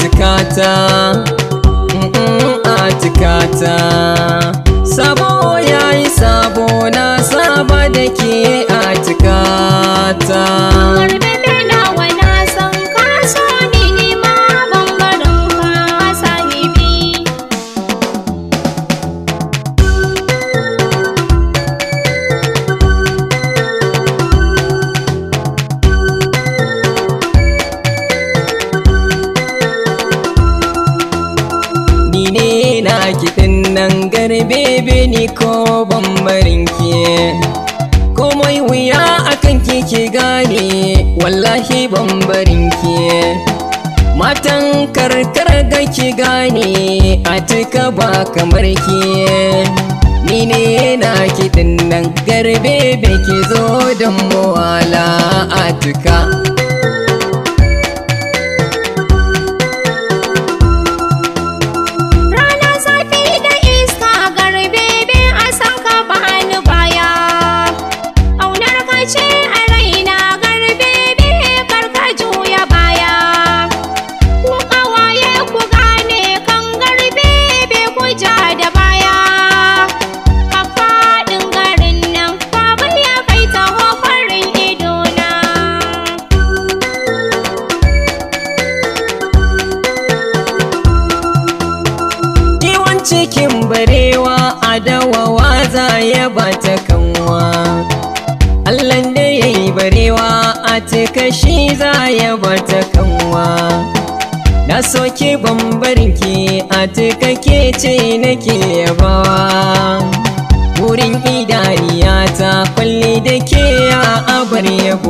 atikata atikata sabo yayi sabo na saba da kiɗin nan garbe beni ko bambarin ki komai wuya akan ki ki gane wallahi bambarin ki matan karkar ga ki gane a tuka ba kamar ki ni ne na kiɗin nan garbe be ki zo don mawala a tuka cikin barewa a dawawa za ya bata kanwa Allahn da ya yi barewa a shi za ya bata kanwa na soke bambarki a ke ce nake yabawa wurin idariya ta kwalli da ke ya abar yabo